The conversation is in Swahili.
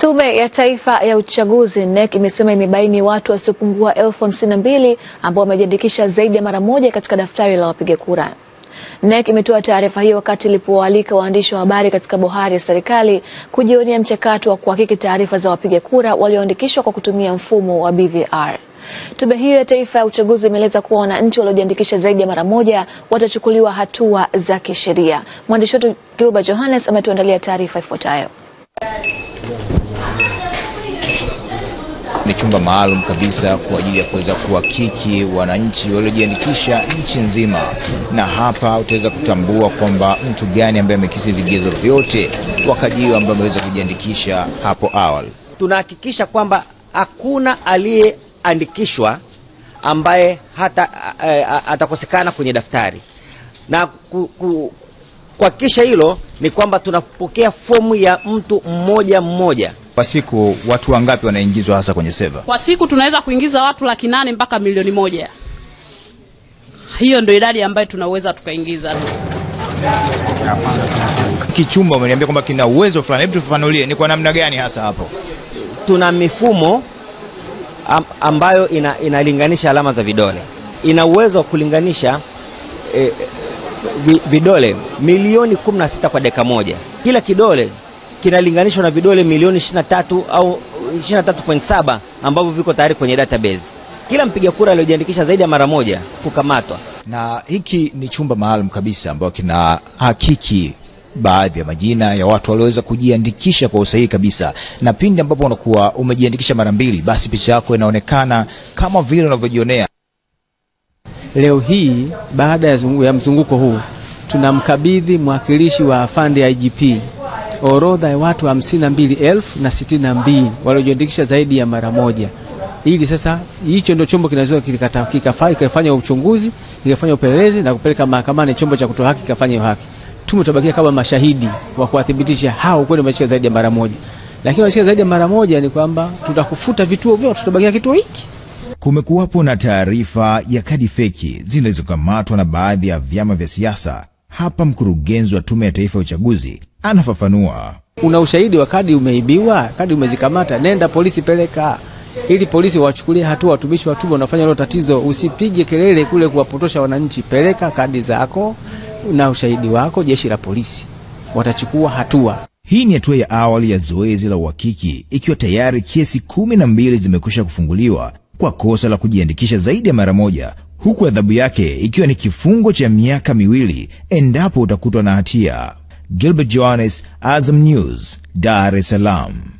Tume ya Taifa ya Uchaguzi NEC imesema imebaini watu wasiopungua elfu hamsini na mbili ambao wamejiandikisha zaidi ya mara moja katika daftari la wapiga kura. NEC imetoa taarifa hiyo wakati ilipowaalika waandishi wa habari katika bohari ya serikali kujionea mchakato wa kuhakiki taarifa za wapiga kura walioandikishwa kwa kutumia mfumo wa BVR. Tume hiyo ya Taifa ya Uchaguzi imeeleza kuwa wananchi waliojiandikisha zaidi ya mara moja watachukuliwa hatua za kisheria. Mwandishi wetu Juba Johannes ametuandalia taarifa ifuatayo ni chumba maalum kabisa kwa ajili ya kuweza kuhakiki wananchi waliojiandikisha nchi nzima, na hapa utaweza kutambua kwamba mtu gani ambaye amekisi vigezo vyote wakajio ambaye ameweza kujiandikisha hapo awali. Tunahakikisha kwamba hakuna aliyeandikishwa ambaye hata eh, eh, atakosekana kwenye daftari na ku, ku, kuhakikisha hilo ni kwamba tunapokea fomu ya mtu mmoja mmoja. Kwa siku watu wangapi wanaingizwa hasa kwenye seva? Kwa siku tunaweza kuingiza watu laki nane mpaka milioni moja. Hiyo ndio idadi ambayo tunaweza tukaingiza. Kichumba umeniambia kwamba kina uwezo fulani, hebu tufafanulie ni kwa namna gani hasa hapo? Tuna mifumo ambayo ina, inalinganisha alama za vidole, ina uwezo wa kulinganisha eh, vidole milioni 16 kwa dakika moja, kila kidole kinalinganishwa na vidole milioni 23 au 23.7 ambavyo viko tayari kwenye database. Kila mpiga kura aliyojiandikisha zaidi ya mara moja kukamatwa, na hiki ni chumba maalum kabisa ambayo kina hakiki baadhi ya majina ya watu walioweza kujiandikisha kwa usahihi kabisa, na pindi ambapo unakuwa umejiandikisha mara mbili, basi picha yako inaonekana kama vile unavyojionea leo hii. Baada ya, ya mzunguko huu tunamkabidhi mwakilishi wa afande IGP orodha ya watu hamsini na mbili elfu na sitini na mbili waliojiandikisha zaidi ya mara moja, ili sasa hicho ndio chombo kinaweza kikafanya uchunguzi, kikafanya upelelezi na kupeleka mahakamani, chombo cha kutoa haki kikafanya hiyo haki. Tumetabakia kama mashahidi wa kuwathibitisha hao kweli wameshika zaidi ya mara moja, lakini wameshika zaidi ya mara moja ni kwamba tutakufuta vituo vyote, tutabakia kituo hiki. Kumekuwapo na taarifa ya kadi feki zinazokamatwa na baadhi ya vyama vya siasa hapa mkurugenzi wa Tume ya Taifa ya Uchaguzi anafafanua. Una ushahidi wa kadi umeibiwa, kadi umezikamata, nenda polisi, peleka ili polisi wachukulie hatua watumishi wa tume wanafanya hilo tatizo. Usipige kelele kule kuwapotosha wananchi, peleka kadi zako na ushahidi wako, jeshi la polisi watachukua hatua. Hii ni hatua ya awali ya zoezi la uhakiki, ikiwa tayari kesi kumi na mbili zimekwisha kufunguliwa kwa kosa la kujiandikisha zaidi ya mara moja huku adhabu yake ikiwa ni kifungo cha miaka miwili endapo utakutwa na hatia. Gilbert Johannes, Azam News, Dar es Salaam.